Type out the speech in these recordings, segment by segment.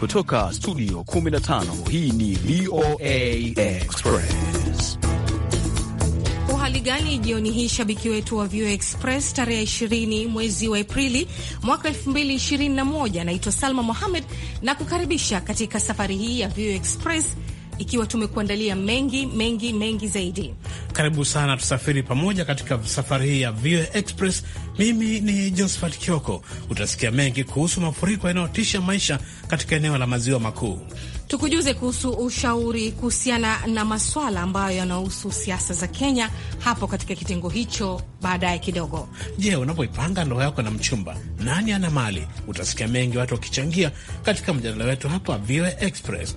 Kutoka studio 15 hii ni VOA Express. Hali gani jioni hii, shabiki wetu wa VOA Express, tarehe 20 mwezi wa Aprili mwaka 2021. Naitwa Salma Mohamed na kukaribisha katika safari hii ya VOA Express ikiwa tumekuandalia mengi mengi mengi zaidi. Karibu sana, tusafiri pamoja katika safari hii ya VOA Express. Mimi ni Josephat Kioko. Utasikia mengi kuhusu mafuriko yanayotisha maisha katika eneo la maziwa makuu. Tukujuze kuhusu ushauri kuhusiana na maswala ambayo yanahusu siasa za Kenya hapo katika kitengo hicho baadaye kidogo. Je, unapoipanga ndoa yako na mchumba, nani ana mali? Utasikia mengi watu wakichangia katika mjadala wetu hapa VOA Express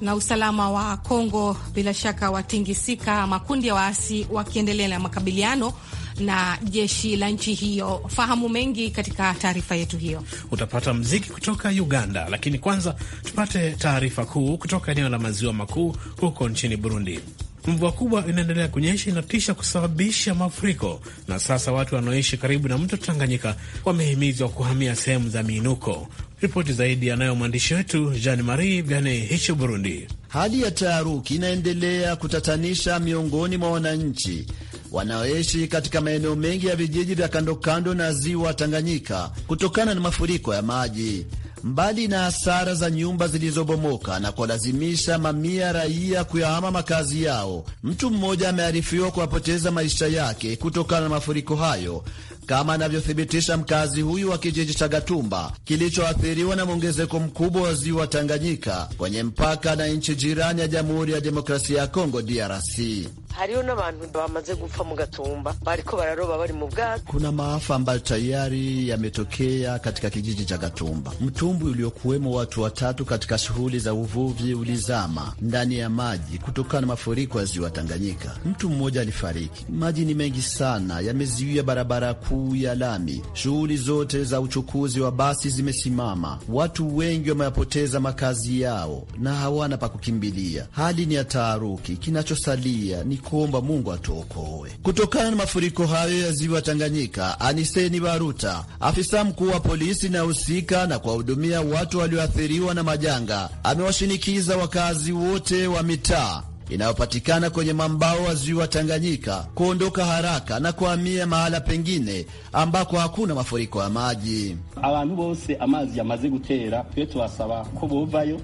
na usalama wa Kongo bila shaka watingisika, makundi ya waasi wakiendelea na makabiliano na jeshi la nchi hiyo. Fahamu mengi katika taarifa yetu hiyo. Utapata mziki kutoka Uganda, lakini kwanza tupate taarifa kuu kutoka eneo la maziwa makuu huko nchini Burundi. Mvua kubwa inaendelea kunyesha inatisha kusababisha mafuriko, na sasa watu wanaoishi karibu na mto Tanganyika wamehimizwa kuhamia sehemu za miinuko. Ripoti zaidi anayo mwandishi wetu Jean Marie Vianney hicho Burundi. Hali ya taharuki inaendelea kutatanisha miongoni mwa wananchi wanaoishi katika maeneo mengi ya vijiji vya kandokando na ziwa Tanganyika kutokana na mafuriko ya maji mbali na hasara za nyumba zilizobomoka na kuwalazimisha mamia raia kuyahama makazi yao. Mtu mmoja amearifiwa kuwapoteza maisha yake kutokana na mafuriko hayo, kama anavyothibitisha mkazi huyu wa kijiji cha Gatumba kilichoathiriwa na mwongezeko mkubwa wa ziwa Tanganyika kwenye mpaka na nchi jirani ya Jamhuri ya Demokrasia ya Kongo, DRC hariyo n'abantu bamaze gupfa mu gatumba bariko bararoba bari mu bwato. Kuna maafa ambayo tayari yametokea katika kijiji cha Gatumba. Mtumbwi uliokuwemo watu watatu katika shughuli za uvuvi ulizama ndani ya maji kutokana na mafuriko ya ziwa Tanganyika. Mtu mmoja alifariki. Maji ni mengi sana, yameziwia barabara kuu ya lami. Shughuli zote za uchukuzi wa basi zimesimama. Watu wengi wameyapoteza makazi yao na hawana pa kukimbilia. Hali ni ya taharuki. Kinachosalia ni kuomba Mungu atuokoe kutokana na mafuriko hayo ya ziwa Tanganyika. Aniseni Baruta, afisa mkuu wa polisi inayohusika na kuwahudumia watu walioathiriwa na majanga, amewashinikiza wakazi wote wa mitaa inayopatikana kwenye mambao wa ziwa Tanganyika kuondoka haraka na kuhamia mahala pengine ambako hakuna mafuriko ya maji. abantu bose amazi yamaze gutera twe ko bovayo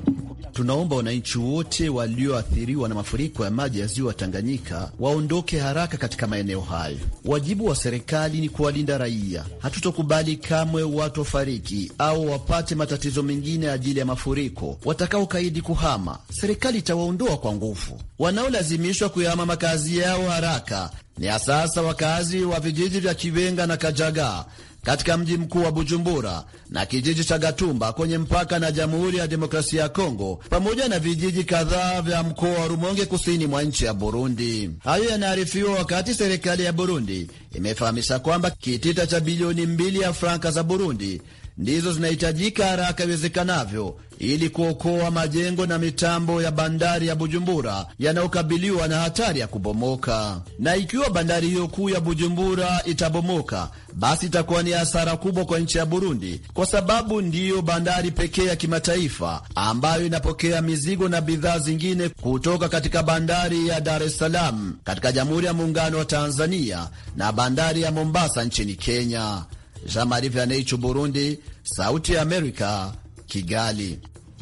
Tunaomba wananchi wote walioathiriwa na mafuriko ya maji ya ziwa Tanganyika waondoke haraka katika maeneo hayo. Wajibu wa serikali ni kuwalinda raia. Hatutokubali kamwe watu wafariki au wapate matatizo mengine ajili ya mafuriko. Watakaokaidi kuhama, serikali itawaondoa kwa nguvu. Wanaolazimishwa kuyahama makazi yao haraka ni asasa wakazi wa vijiji vya Kiwenga na Kajagaa katika mji mkuu wa Bujumbura na kijiji cha Gatumba kwenye mpaka na Jamhuri ya Demokrasia ya Kongo pamoja na vijiji kadhaa vya mkoa wa Rumonge kusini mwa nchi ya Burundi. Hayo yanaarifiwa wakati serikali ya Burundi imefahamisha kwamba kitita cha bilioni mbili ya franka za Burundi ndizo zinahitajika haraka iwezekanavyo ili kuokoa majengo na mitambo ya bandari ya Bujumbura yanayokabiliwa na hatari ya kubomoka. Na ikiwa bandari hiyo kuu ya Bujumbura itabomoka, basi itakuwa ni hasara kubwa kwa nchi ya Burundi, kwa sababu ndiyo bandari pekee ya kimataifa ambayo inapokea mizigo na bidhaa zingine kutoka katika bandari ya Dar es Salaam katika Jamhuri ya Muungano wa Tanzania na bandari ya Mombasa nchini Kenya. Jean Marie Vianney, Burundi, Sauti ya Amerika, Kigali.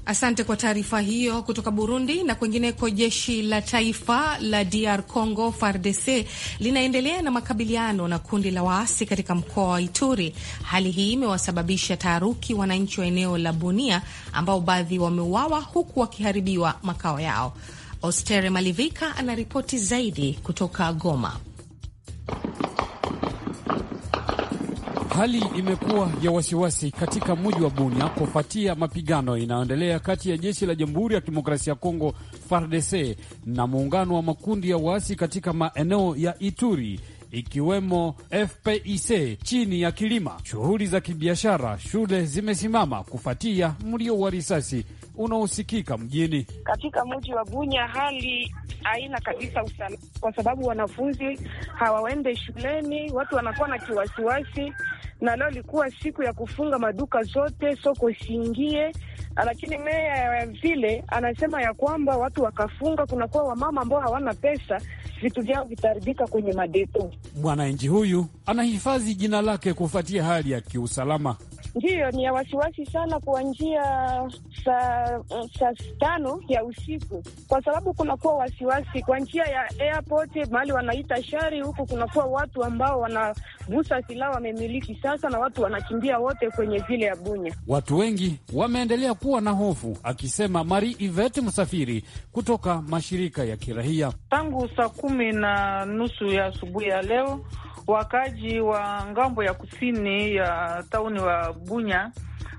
Asante kwa taarifa hiyo kutoka Burundi. Na kwengineko, jeshi la taifa la DR Congo FARDC linaendelea na makabiliano na kundi la waasi katika mkoa wa Ituri. Hali hii imewasababisha taharuki wananchi wa eneo la Bunia, ambao baadhi wameuawa huku wakiharibiwa makao yao. Ostere Malivika anaripoti zaidi kutoka Goma. Hali imekuwa ya wasiwasi katika mji wa Bunia kufuatia mapigano inayoendelea kati ya jeshi la Jamhuri ya Kidemokrasia ya Kongo FARDC na muungano wa makundi ya waasi katika maeneo ya Ituri ikiwemo FPIC chini ya kilima. Shughuli za kibiashara, shule zimesimama kufuatia mlio wa risasi unaosikika mjini. Katika mji wa Bunya hali haina kabisa usalama, kwa sababu wanafunzi hawaende shuleni, watu wanakuwa na kiwasiwasi. Na leo ilikuwa siku ya kufunga maduka zote, soko siingie lakini meya ya vile anasema ya kwamba watu wakafunga. Kunakuwa wamama ambao hawana pesa vitu vyao vitaharibika kwenye madepo. Mwananchi huyu anahifadhi jina lake kufuatia hali ya kiusalama Ndiyo, ni ya wasiwasi sana kuanzia saa saa tano ya usiku, kwa sababu kunakuwa wasiwasi kwa njia ya airport, mahali wanaita shari huku, kunakuwa watu ambao wanagusa silaha wamemiliki sasa, na watu wanakimbia wote kwenye vile ya Bunya. Watu wengi wameendelea kuwa na hofu, akisema Mari Ivete Msafiri kutoka mashirika ya kirahia. Tangu saa kumi na nusu ya asubuhi ya leo wakaji wa ngambo ya kusini ya tauni wa Bunya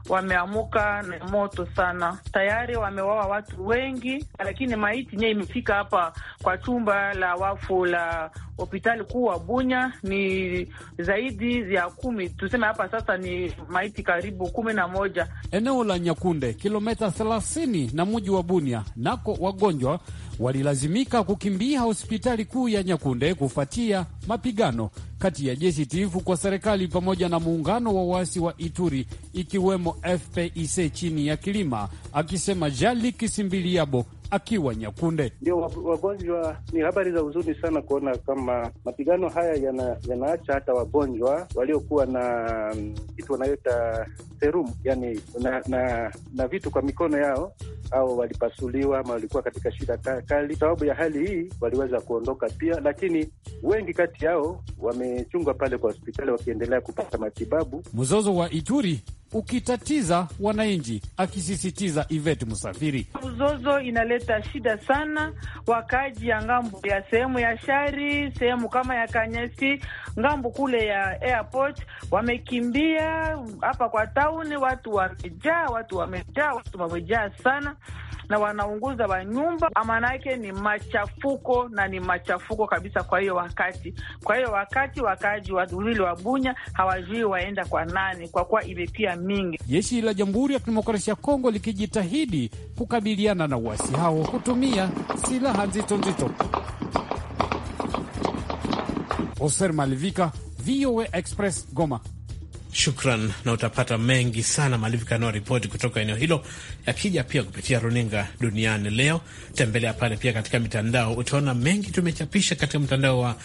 wameamuka na moto sana, tayari wamewawa watu wengi, lakini maiti nye imefika hapa kwa chumba la wafu la hospitali kuu wa Bunya ni zaidi ya kumi, tuseme hapa sasa ni maiti karibu kumi na moja. Eneo la Nyakunde, kilometa thelathini na muji wa Bunya, nako wagonjwa walilazimika kukimbia hospitali kuu ya Nyakunde kufuatia mapigano kati ya jeshi tifu kwa serikali pamoja na muungano wa waasi wa Ituri ikiwemo FPIC chini ya Kilima, akisema Jali Kisimbiliabo akiwa Nyakunde. Ndio wagonjwa, ni habari za huzuni sana kuona kama mapigano haya yana, yanaacha hata wagonjwa waliokuwa na mm, kitu wanayoita serum, yani na, na, na vitu kwa mikono yao au walipasuliwa ama walikuwa katika shida kali. Sababu ya hali hii waliweza kuondoka pia, lakini wengi kati yao wamechungwa pale kwa hospitali wakiendelea kupata matibabu. Mzozo wa Ituri ukitatiza wananchi, akisisitiza Ivet msafiri Uzozo inaleta shida sana wakaji ya ngambo ya sehemu ya shari, sehemu kama ya Kanyesi, ngambo kule ya airport, wamekimbia hapa kwa tauni, watu wamejaa, watu wamejaa, watu wamejaa sana na wanaunguza wa nyumba, maana ni machafuko na ni machafuko kabisa. Kwa hiyo wakati, kwa hiyo wakati wakaaji wa Ruhili wa Bunya hawajui waenda kwa nani, kwa kuwa imepia mingi. Jeshi la Jamhuri ya Kidemokrasia ya Kongo likijitahidi kukabiliana na uasi hao kutumia silaha nzito nzito. Oser Malivika, VOA Express, Goma. Shukran, na utapata mengi sana Malivika anao ripoti kutoka eneo hilo, yakija pia kupitia runinga duniani leo. Tembelea pale pia katika mitandao, utaona mengi tumechapisha katika mtandao wa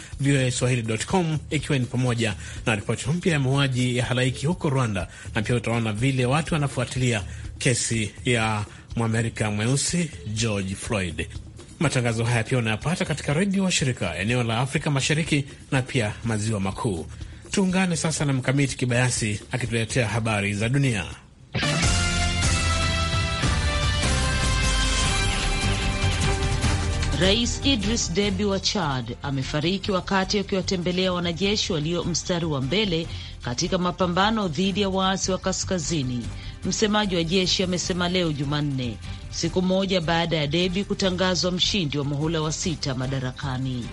swahili.com, ikiwa ni pamoja na ripoti mpya ya mauaji ya halaiki huko Rwanda, na pia utaona vile watu wanafuatilia kesi ya mwamerika mweusi George Floyd. Matangazo haya pia unayapata katika redio wa shirika eneo la Afrika Mashariki na pia maziwa makuu. Tuungane sasa na Mkamiti Kibayasi akituletea habari za dunia. Rais Idris Deby wa Chad amefariki wakati akiwatembelea wanajeshi walio mstari wa mbele katika mapambano dhidi ya waasi wa kaskazini. Msemaji wa jeshi amesema leo Jumanne, siku moja baada ya Deby kutangazwa mshindi wa muhula wa sita madarakani.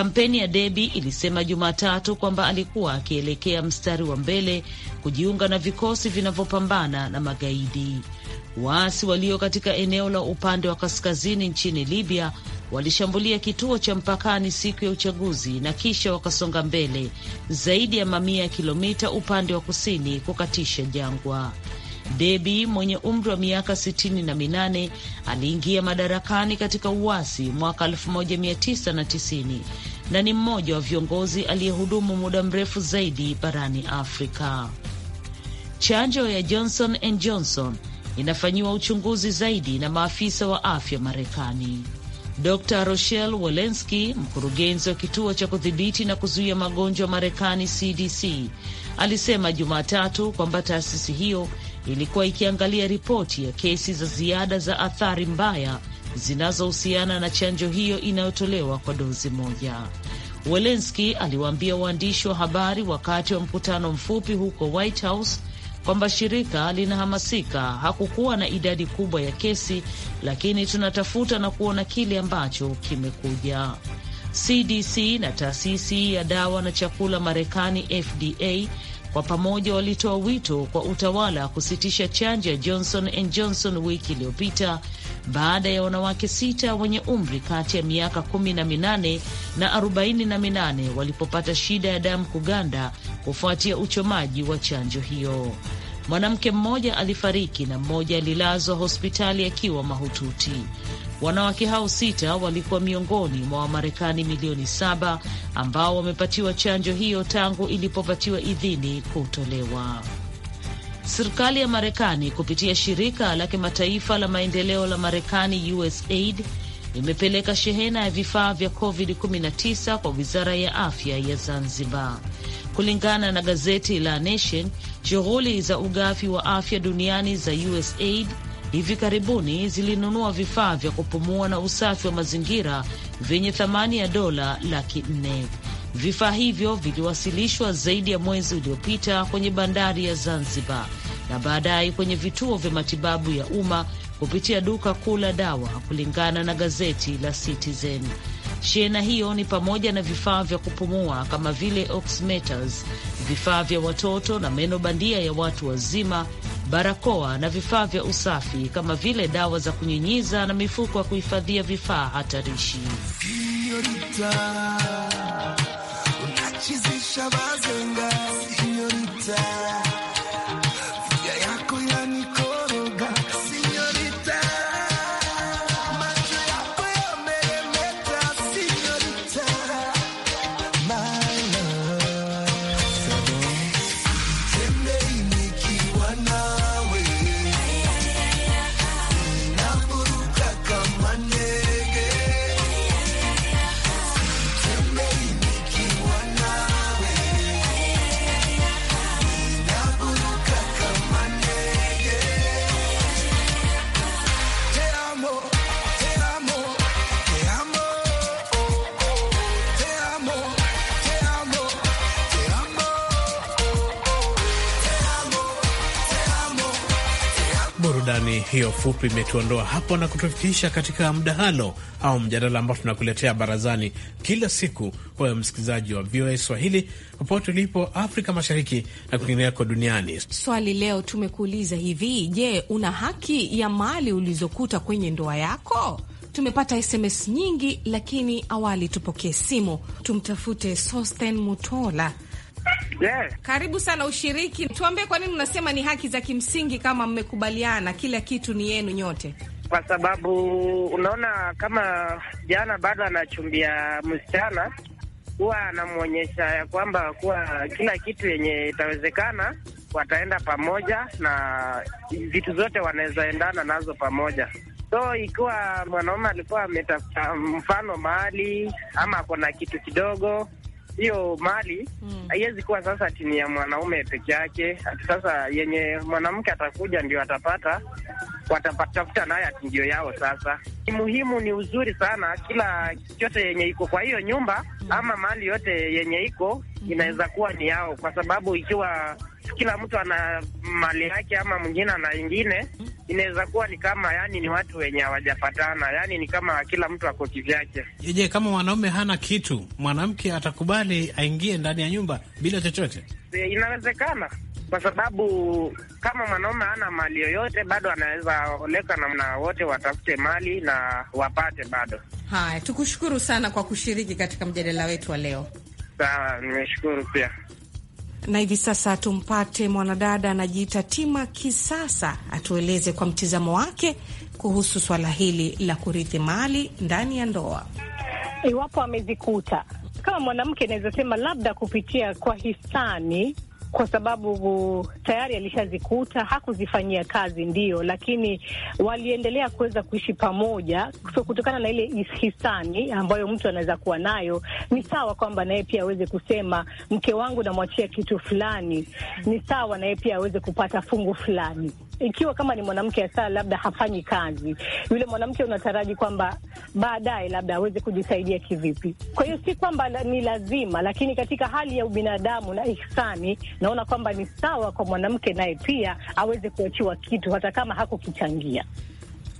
Kampeni ya debi ilisema Jumatatu kwamba alikuwa akielekea mstari wa mbele kujiunga na vikosi vinavyopambana na magaidi. Waasi walio katika eneo la upande wa kaskazini nchini Libya walishambulia kituo cha mpakani siku ya uchaguzi na kisha wakasonga mbele zaidi ya mamia ya kilomita upande wa kusini kukatisha jangwa. Debi mwenye umri wa miaka sitini na minane aliingia madarakani katika uasi mwaka 1990 na ni mmoja wa viongozi aliyehudumu muda mrefu zaidi barani Afrika. Chanjo ya Johnson and Johnson inafanyiwa uchunguzi zaidi na maafisa wa afya Marekani. Dr Rochelle Walensky, mkurugenzi wa kituo cha kudhibiti na kuzuia magonjwa Marekani, CDC, alisema Jumatatu kwamba taasisi hiyo ilikuwa ikiangalia ripoti ya kesi za ziada za athari mbaya zinazohusiana na chanjo hiyo inayotolewa kwa dozi moja. Welenski aliwaambia waandishi wa habari wakati wa mkutano mfupi huko White House kwamba shirika linahamasika. Hakukuwa na idadi kubwa ya kesi, lakini tunatafuta na kuona kile ambacho kimekuja. CDC na taasisi ya dawa na chakula Marekani, FDA, kwa pamoja walitoa wito kwa utawala kusitisha chanjo ya Johnson and Johnson wiki iliyopita baada ya wanawake sita wenye umri kati ya miaka kumi na minane na arobaini na minane walipopata shida ya damu kuganda kufuatia uchomaji wa chanjo hiyo. Mwanamke mmoja alifariki na mmoja alilazwa hospitali akiwa mahututi. Wanawake hao sita walikuwa miongoni mwa Wamarekani milioni saba ambao wamepatiwa chanjo hiyo tangu ilipopatiwa idhini kutolewa. Serikali ya Marekani kupitia shirika la kimataifa la maendeleo la Marekani, USAID, imepeleka shehena ya vifaa vya COVID-19 kwa wizara ya afya ya Zanzibar. Kulingana na gazeti la Nation, shughuli za ugavi wa afya duniani za USAID hivi karibuni zilinunua vifaa vya kupumua na usafi wa mazingira vyenye thamani ya dola laki nne. Vifaa hivyo viliwasilishwa zaidi ya mwezi uliopita kwenye bandari ya Zanzibar na baadaye kwenye vituo vya matibabu ya umma kupitia duka kuu la dawa, kulingana na gazeti la Citizen. Shehena hiyo ni pamoja na vifaa vya kupumua kama vile oximeters, vifaa vya watoto na meno bandia ya watu wazima, barakoa na vifaa vya usafi kama vile dawa za kunyunyiza na mifuko ya kuhifadhia vifaa hatarishi. hiyo fupi imetuondoa hapo na kutufikisha katika mdahalo au mjadala ambao tunakuletea barazani kila siku, wewe msikilizaji wa VOA Swahili popote ulipo Afrika Mashariki na kwingineko duniani. Swali leo tumekuuliza hivi, je, una haki ya mali ulizokuta kwenye ndoa yako? Tumepata SMS nyingi, lakini awali tupokee simu. Tumtafute Sosten Mutola Yeah. Karibu sana ushiriki. Tuambie kwa nini unasema ni haki za kimsingi kama mmekubaliana kila kitu ni yenu nyote? Kwa sababu unaona kama jana bado anachumbia msichana, huwa anamwonyesha ya kwamba kuwa kila kitu yenye itawezekana wataenda pamoja na vitu zote wanawezaendana nazo pamoja. So ikiwa mwanaume alikuwa ametafuta mfano mahali ama ako na kitu kidogo hiyo mali hmm. haiwezi mm. kuwa sasa tini ya mwanaume peke yake. Ati sasa yenye mwanamke atakuja ndio atapata watatafuta naye ati ndio yao. Sasa ni muhimu, ni uzuri sana, kila chote yenye iko kwa hiyo nyumba hmm. ama mali yote yenye iko hmm. inaweza kuwa ni yao, kwa sababu ikiwa kila mtu ana mali yake, ama mwingine ana ingine. Inaweza kuwa ni kama yani ni watu wenye hawajafatana, yani ni kama kila mtu ako kivyake. Yeye kama mwanaume hana kitu, mwanamke atakubali aingie ndani ya nyumba bila chochote? Eh, inawezekana kwa sababu kama mwanaume hana mali yoyote, bado anaweza oleka namna wote, watafute mali na wapate bado. Haya, tukushukuru sana kwa kushiriki katika mjadala wetu wa leo. Sawa, nimeshukuru pia na hivi sasa tumpate mwanadada anajiita Tima Kisasa atueleze kwa mtizamo wake kuhusu swala hili la kurithi mali ndani ya ndoa, iwapo amezikuta kama mwanamke. Naweza sema labda kupitia kwa hisani kwa sababu tayari alishazikuta, hakuzifanyia kazi ndio, lakini waliendelea kuweza kuishi pamoja. So kutokana na ile hisani ambayo mtu anaweza kuwa nayo, ni sawa kwamba naye pia aweze kusema mke wangu namwachia kitu fulani, ni sawa naye pia aweze kupata fungu fulani ikiwa kama ni mwanamke hasa labda hafanyi kazi, yule mwanamke unataraji kwamba baadaye labda aweze kujisaidia kivipi? Kwa hiyo si kwamba ni lazima, lakini katika hali ya ubinadamu na ihsani, naona kwamba ni sawa kwa mwanamke naye pia aweze kuachiwa kitu hata kama hakukichangia.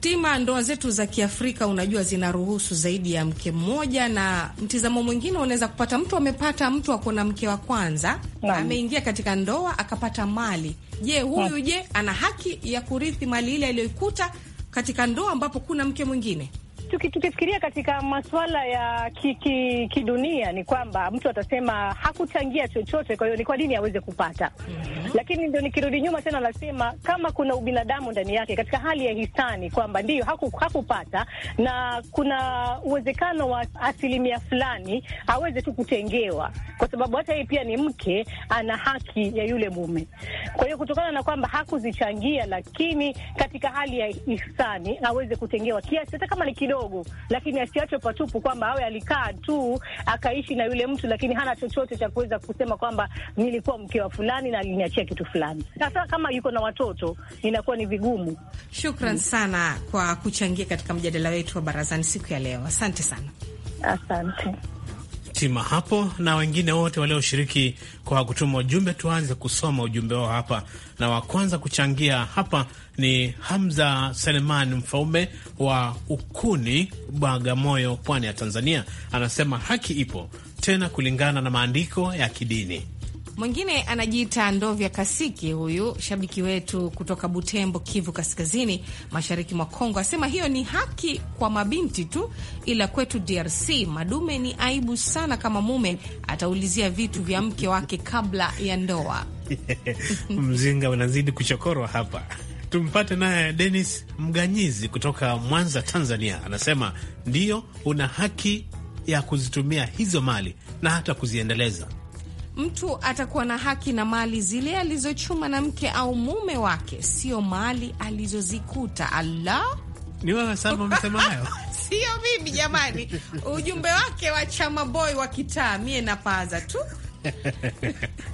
Tima, ndoa zetu za Kiafrika unajua zinaruhusu zaidi ya mke mmoja, na mtizamo mwingine unaweza kupata mtu amepata, mtu ako na mke wa kwanza ameingia katika ndoa akapata mali. Je, huyu je ana haki ya kurithi mali ile aliyoikuta katika ndoa ambapo kuna mke mwingine? tuki, tukifikiria katika masuala ya kidunia ki, ki ni kwamba mtu atasema hakuchangia chochote, kwa hiyo ni kwa nini aweze kupata? mm -hmm. Lakini ndio nikirudi nyuma tena, nasema kama kuna ubinadamu ndani yake katika hali ya hisani kwamba ndiyo haku, hakupata na kuna uwezekano wa asilimia fulani aweze tu kutengewa, kwa sababu hata yeye pia ni mke, ana haki ya yule mume. Kwa hiyo kutokana na kwamba hakuzichangia, lakini katika hali ya hisani aweze kutengewa kiasi hata kama ni kidogo kidogo, lakini asiachwe patupu kwamba awe alikaa tu akaishi na yule mtu, lakini hana chochote cha kuweza kusema kwamba nilikuwa mke wa fulani na aliniachia kitu fulani. Sasa kama yuko na watoto inakuwa ni vigumu. Shukran mm. sana kwa kuchangia katika mjadala wetu wa barazani siku ya leo. Asante sana, asante hatima hapo na wengine wote walioshiriki kwa kutuma ujumbe. Tuanze kusoma ujumbe wao hapa, na wa kwanza kuchangia hapa ni Hamza Selemani Mfaume wa Ukuni, Bagamoyo, pwani ya Tanzania. Anasema haki ipo tena kulingana na maandiko ya kidini. Mwingine anajiita Ndovya Kasiki, huyu shabiki wetu kutoka Butembo, Kivu Kaskazini, mashariki mwa Kongo, asema hiyo ni haki kwa mabinti tu, ila kwetu DRC madume ni aibu sana, kama mume ataulizia vitu vya mke wake kabla ya ndoa. Mzinga unazidi kuchokorwa hapa. Tumpate naye Denis Mganyizi kutoka Mwanza, Tanzania, anasema ndiyo, una haki ya kuzitumia hizo mali na hata kuziendeleza mtu atakuwa na haki na mali zile alizochuma na mke au mume wake, sio mali alizozikuta. Allah, ni wewe Salma umesema hayo, sio mimi jamani. Ujumbe wake wa chama boy wa kitaa, mie napaza tu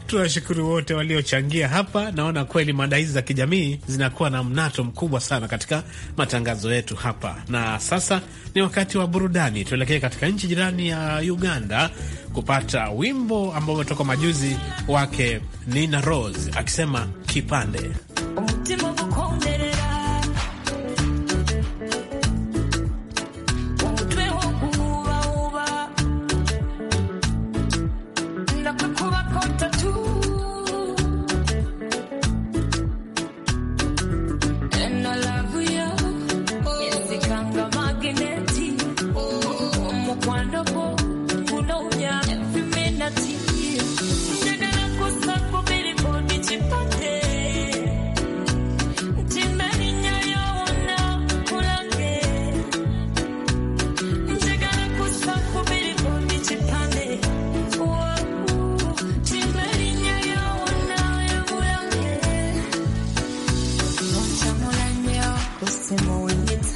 Tunashukuru wote waliochangia hapa. Naona kweli mada hizi za kijamii zinakuwa na mnato mkubwa sana katika matangazo yetu hapa, na sasa ni wakati wa burudani. Tuelekee katika nchi jirani ya Uganda kupata wimbo ambao umetoka majuzi wake Nina Rose akisema kipande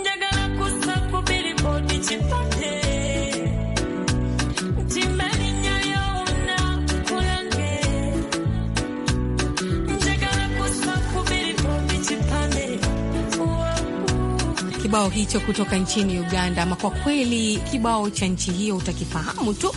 njagala bilibodi kibao hicho kutoka nchini Uganda, ama kwa kweli kibao cha nchi hiyo utakifahamu tu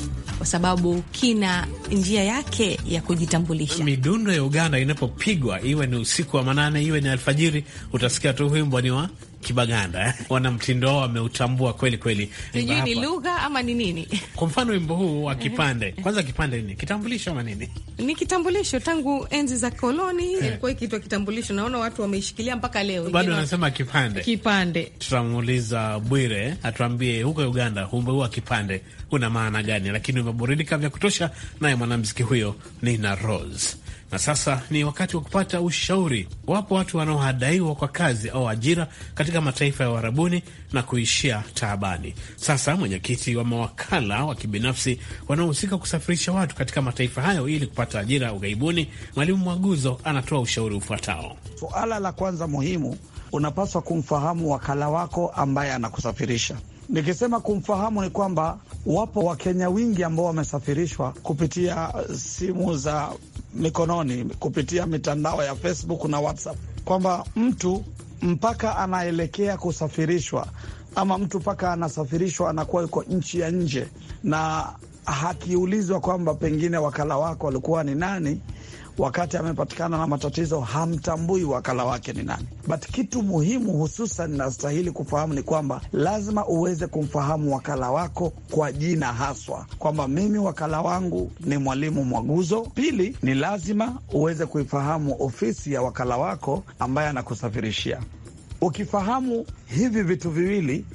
sababu kina njia yake ya kujitambulisha. Midundo ya Uganda inapopigwa, iwe ni usiku wa manane, iwe ni alfajiri, utasikia tu huyu mboni wa Kibaganda eh? wana mtindo wao wameutambua kweli kweli, sijui ni lugha ama ni nini. Kwa mfano wimbo huu wa kipande, kwanza kipande ni kitambulisho ama nini? Ni kitambulisho, tangu enzi za koloni eh. ilikuwa ikiitwa kitambulisho. Naona watu wameishikilia mpaka leo, bado wanasema kipande. Kipande tutamuuliza Bwire atuambie huko Uganda wimbo huu wa kipande una maana gani, lakini umeburudika vya kutosha naye mwanamziki huyo Nina Rose na sasa ni wakati wa kupata ushauri. Wapo watu wanaohadaiwa kwa kazi au ajira katika mataifa ya uharabuni na kuishia taabani. Sasa mwenyekiti wa mawakala wa kibinafsi wanaohusika kusafirisha watu katika mataifa hayo ili kupata ajira ughaibuni, Mwalimu Mwaguzo anatoa ushauri ufuatao. Suala la kwanza muhimu, unapaswa kumfahamu wakala wako ambaye anakusafirisha. Nikisema kumfahamu ni kwamba wapo Wakenya wingi ambao wamesafirishwa kupitia simu za mikononi kupitia mitandao ya Facebook na WhatsApp kwamba mtu mpaka anaelekea kusafirishwa ama mtu mpaka anasafirishwa anakuwa yuko nchi ya nje, na hakiulizwa kwamba pengine wakala wako alikuwa ni nani, wakati amepatikana na matatizo, hamtambui wakala wake ni nani. But kitu muhimu hususan nastahili kufahamu ni kwamba lazima uweze kumfahamu wakala wako kwa jina haswa, kwamba mimi wakala wangu ni Mwalimu Mwaguzo. Pili, ni lazima uweze kuifahamu ofisi ya wakala wako ambaye anakusafirishia. Ukifahamu hivi vitu viwili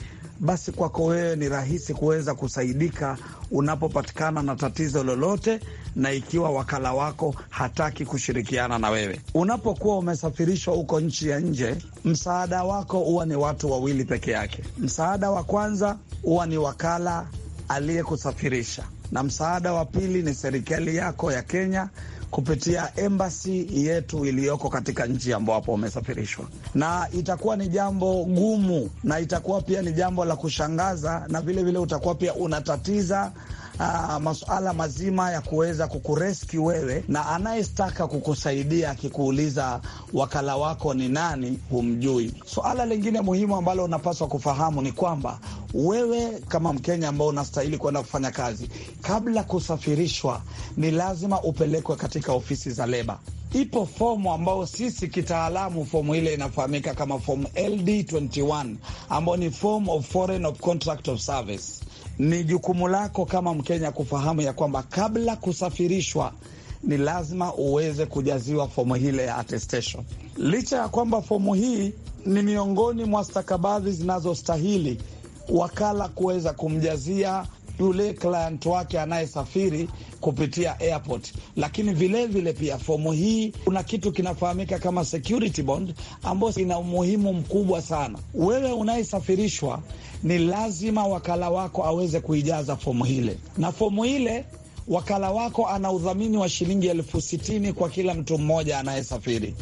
basi kwako wewe ni rahisi kuweza kusaidika unapopatikana na tatizo lolote, na ikiwa wakala wako hataki kushirikiana na wewe. Unapokuwa umesafirishwa huko nchi ya nje, msaada wako huwa ni watu wawili peke yake. Msaada wa kwanza huwa ni wakala aliyekusafirisha na msaada wa pili ni serikali yako ya Kenya kupitia embasi yetu iliyoko katika nchi ambapo wamesafirishwa, na itakuwa ni jambo gumu na itakuwa pia ni jambo la kushangaza, na vilevile utakuwa pia unatatiza masuala mazima ya kuweza kukureski wewe, na anayestaka kukusaidia akikuuliza wakala wako ni nani, humjui. Suala lingine muhimu ambalo unapaswa kufahamu ni kwamba wewe kama Mkenya ambao unastahili kwenda kufanya kazi, kabla kusafirishwa, ni lazima upelekwe katika ofisi za leba. Ipo fomu ambayo sisi kitaalamu, fomu ile inafahamika kama fomu LD21 ambayo ni form of foreign of contract of service ni jukumu lako kama Mkenya kufahamu ya kwamba kabla kusafirishwa ni lazima uweze kujaziwa fomu hile ya attestation. Licha ya kwamba fomu hii ni miongoni mwa stakabadhi zinazostahili wakala kuweza kumjazia yule client wake anayesafiri kupitia airport. Lakini vilevile vile pia fomu hii kuna kitu kinafahamika kama security bond, ambayo ina umuhimu mkubwa sana. Wewe unayesafirishwa, ni lazima wakala wako aweze kuijaza fomu hile, na fomu ile wakala wako ana udhamini wa shilingi elfu sitini kwa kila mtu mmoja anayesafiri.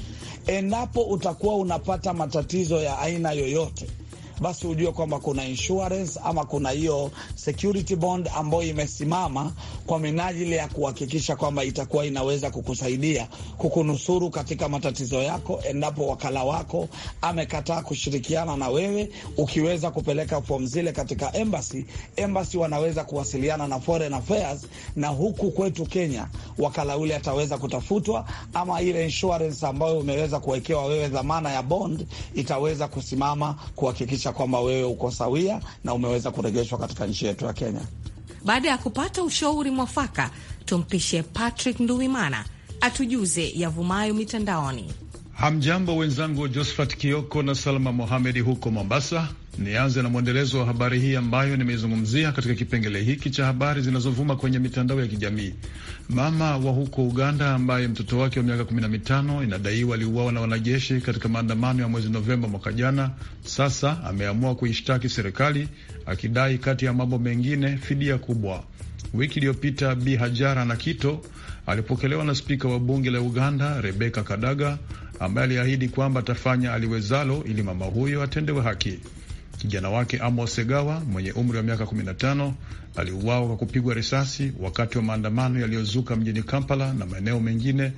Endapo utakuwa unapata matatizo ya aina yoyote basi hujue kwamba kuna insurance ama kuna hiyo security bond ambayo imesimama kwa minajili ya kuhakikisha kwamba itakuwa inaweza kukusaidia kukunusuru katika matatizo yako, endapo wakala wako amekataa kushirikiana na wewe. Ukiweza kupeleka fomu zile katika embassy, embassy wanaweza kuwasiliana na foreign affairs, na huku kwetu Kenya wakala ule ataweza kutafutwa, ama ile insurance ambayo umeweza kuwekewa wewe, dhamana ya bond itaweza kusimama kuhakikisha kuhakikisha kwamba wewe uko sawia na umeweza kurejeshwa katika nchi yetu ya Kenya. Baada ya kupata ushauri mwafaka, tumpishe Patrick Nduwimana atujuze yavumayo mitandaoni. Hamjambo wenzangu josphat Kioko na Salma Mohamedi huko Mombasa. Nianze na mwendelezo wa habari hii ambayo nimeizungumzia katika kipengele hiki cha habari zinazovuma kwenye mitandao ya kijamii. Mama wa huko Uganda ambaye mtoto wake wa miaka 15 inadaiwa aliuawa na wanajeshi katika maandamano ya mwezi Novemba mwaka jana, sasa ameamua kuishtaki serikali akidai kati ya mambo mengine fidia kubwa. Wiki iliyopita Bi Hajara na Kito alipokelewa na spika wa bunge la Uganda Rebeka Kadaga ambaye aliahidi kwamba atafanya aliwezalo ili mama huyo atendewe haki. Kijana wake Amos Segawa mwenye umri wa miaka 15 aliuawa kwa kupigwa risasi wakati wa maandamano yaliyozuka mjini Kampala na maeneo mengine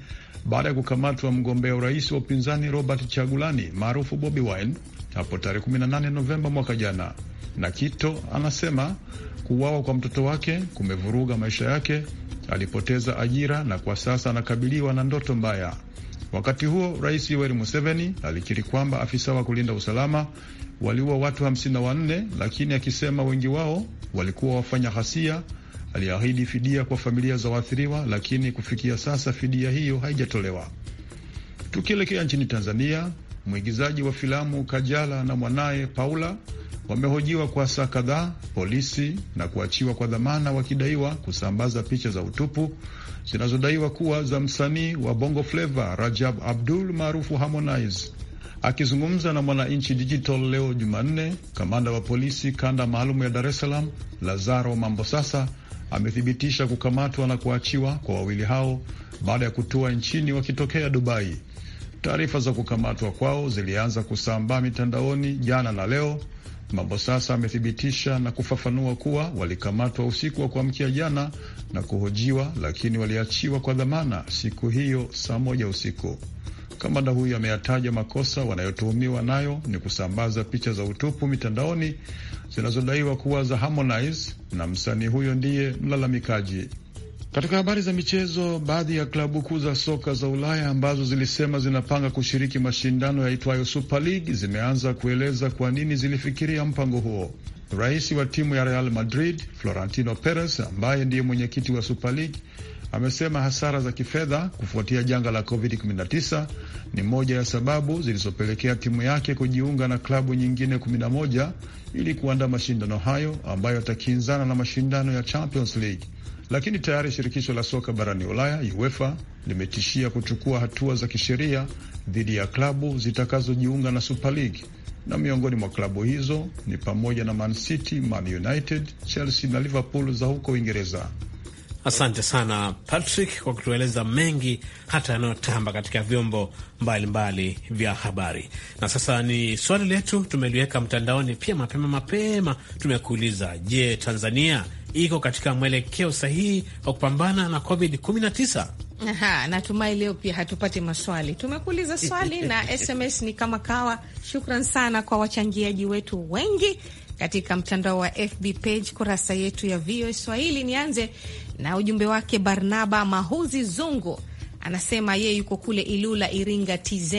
baada ya kukamatwa mgombea urais wa upinzani Robert Chagulani maarufu Bobi Wine hapo tarehe 18 Novemba mwaka jana. Na Kito anasema kuuawa kwa mtoto wake kumevuruga maisha yake, alipoteza ajira na kwa sasa anakabiliwa na ndoto mbaya. Wakati huo Rais Yoweri Museveni alikiri kwamba afisa wa kulinda usalama waliua watu 54 lakini akisema wengi wao walikuwa wafanya ghasia. Aliahidi fidia kwa familia za waathiriwa, lakini kufikia sasa fidia hiyo haijatolewa. Tukielekea nchini Tanzania, mwigizaji wa filamu Kajala na mwanaye Paula wamehojiwa kwa saa kadhaa polisi na kuachiwa kwa dhamana wakidaiwa kusambaza picha za utupu zinazodaiwa kuwa za msanii wa bongo fleva Rajab Abdul maarufu Harmonize. Akizungumza na Mwananchi Digital leo Jumanne, kamanda wa polisi kanda maalum ya Dar es Salaam Lazaro mambo sasa amethibitisha kukamatwa na kuachiwa kwa wawili hao baada ya kutua nchini wakitokea Dubai. Taarifa za kukamatwa kwao zilianza kusambaa mitandaoni jana na leo sasa amethibitisha na kufafanua kuwa walikamatwa usiku wa kuamkia jana na kuhojiwa, lakini waliachiwa kwa dhamana siku hiyo saa moja usiku. Kamanda huyo ameyataja makosa wanayotuhumiwa nayo ni kusambaza picha za utupu mitandaoni zinazodaiwa kuwa za Harmonize na msanii huyo ndiye mlalamikaji. Katika habari za michezo, baadhi ya klabu kuu za soka za Ulaya ambazo zilisema zinapanga kushiriki mashindano yaitwayo Super League zimeanza kueleza kwa nini zilifikiria mpango huo. Rais wa timu ya Real Madrid Florentino Perez, ambaye ndiye mwenyekiti wa Super League, amesema hasara za kifedha kufuatia janga la COVID-19 ni moja ya sababu zilizopelekea timu yake kujiunga na klabu nyingine 11 ili kuandaa mashindano hayo ambayo yatakinzana na mashindano ya Champions League lakini tayari shirikisho la soka barani Ulaya, UEFA, limetishia kuchukua hatua za kisheria dhidi ya klabu zitakazojiunga na Super League na miongoni mwa klabu hizo ni pamoja na Man City, Man United, Chelsea na Liverpool za huko Uingereza. Asante sana Patrick kwa kutueleza mengi hata yanayotamba katika vyombo mbalimbali vya habari. Na sasa ni swali letu tumeliweka mtandaoni pia mapema mapema, tumekuuliza: Je, Tanzania iko katika mwelekeo sahihi wa kupambana na COVID-19? Aha, natumai leo pia hatupati maswali. Tumekuuliza swali na SMS ni kama kawa. Shukran sana kwa wachangiaji wetu wengi katika mtandao wa FB page kurasa yetu ya VOA Swahili. Nianze na ujumbe wake Barnaba Mahuzi Zungu anasema yeye yuko kule Ilula, Iringa, TZ.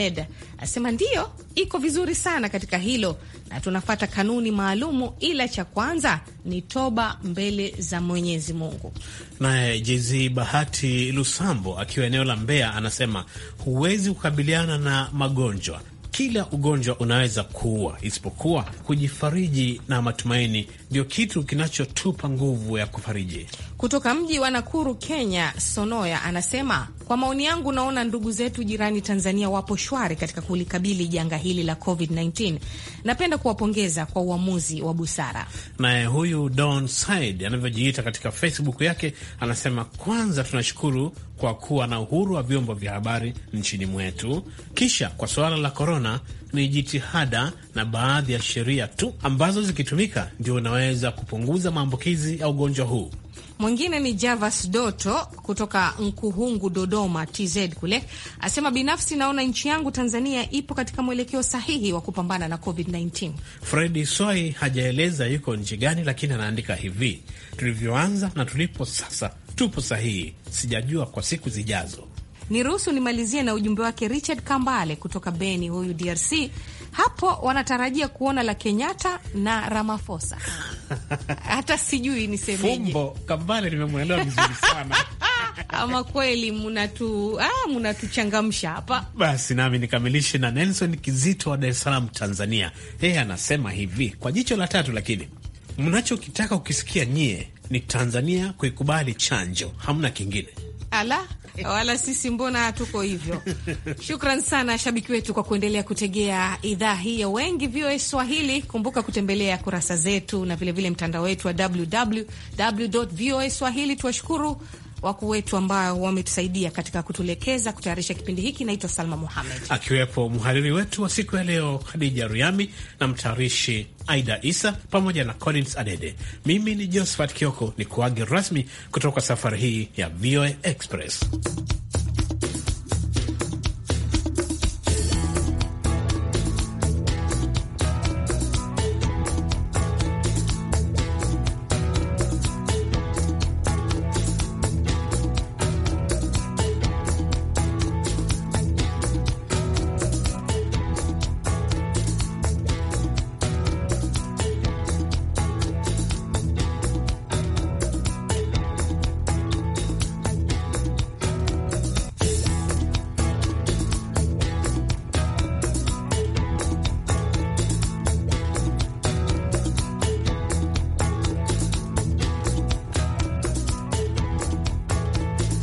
Anasema ndiyo, iko vizuri sana katika hilo na tunafata kanuni maalumu, ila cha kwanza ni toba mbele za Mwenyezi Mungu. Naye Jezi Bahati Lusambo akiwa eneo la Mbeya anasema huwezi kukabiliana na magonjwa, kila ugonjwa unaweza kuua, isipokuwa kujifariji na matumaini ndio kitu kinachotupa nguvu ya kufariji. Kutoka mji wa Nakuru, Kenya, Sonoya anasema kwa maoni yangu, naona ndugu zetu jirani Tanzania wapo shwari katika kulikabili janga hili la COVID-19. Napenda kuwapongeza kwa uamuzi wa busara. Naye huyu Don Said anavyojiita katika Facebook yake anasema, kwanza tunashukuru kwa kuwa na uhuru wa vyombo vya habari nchini mwetu. Kisha kwa suala la korona ni jitihada na baadhi ya sheria tu ambazo zikitumika ndio unaweza kupunguza maambukizi ya ugonjwa huu. Mwingine ni Javas Doto kutoka Nkuhungu, Dodoma, TZ kule, asema binafsi naona nchi yangu Tanzania ipo katika mwelekeo sahihi wa kupambana na COVID-19. Fredi Swai hajaeleza yuko nchi gani, lakini anaandika hivi: tulivyoanza na tulipo sasa tupo sahihi, sijajua kwa siku zijazo. Niruhusu nimalizie na ujumbe wake Richard Kambale kutoka Beni, huyu DRC. Hapo wanatarajia kuona la Kenyatta na Ramafosa. Hata sijui nisemeje. Fumbo Kambale nimemwelewa vizuri sana. Ama kweli mnatu ah, mnatuchangamsha hapa. Basi nami nikamilishe na Nelson Kizito wa Dar es Salaam, Tanzania. Yeye anasema hivi kwa jicho la tatu, lakini mnachokitaka ukisikia nyie ni Tanzania kuikubali chanjo, hamna kingine. Ala, wala sisi mbona tuko hivyo. Shukran sana shabiki wetu kwa kuendelea kutegea idhaa hii ya wengi VOA Swahili. Kumbuka kutembelea kurasa zetu na vilevile mtandao wetu wa www voa swahili. Tuwashukuru wakuu wetu ambao wametusaidia katika kutuelekeza kutayarisha kipindi hiki. Naitwa Salma Muhamed, akiwepo mhariri wetu wa siku ya leo Khadija Ruyami na mtayarishi Aida Isa pamoja na Collins Adede. Mimi ni Josephat Kioko ni kuage rasmi kutoka safari hii ya VOA Express.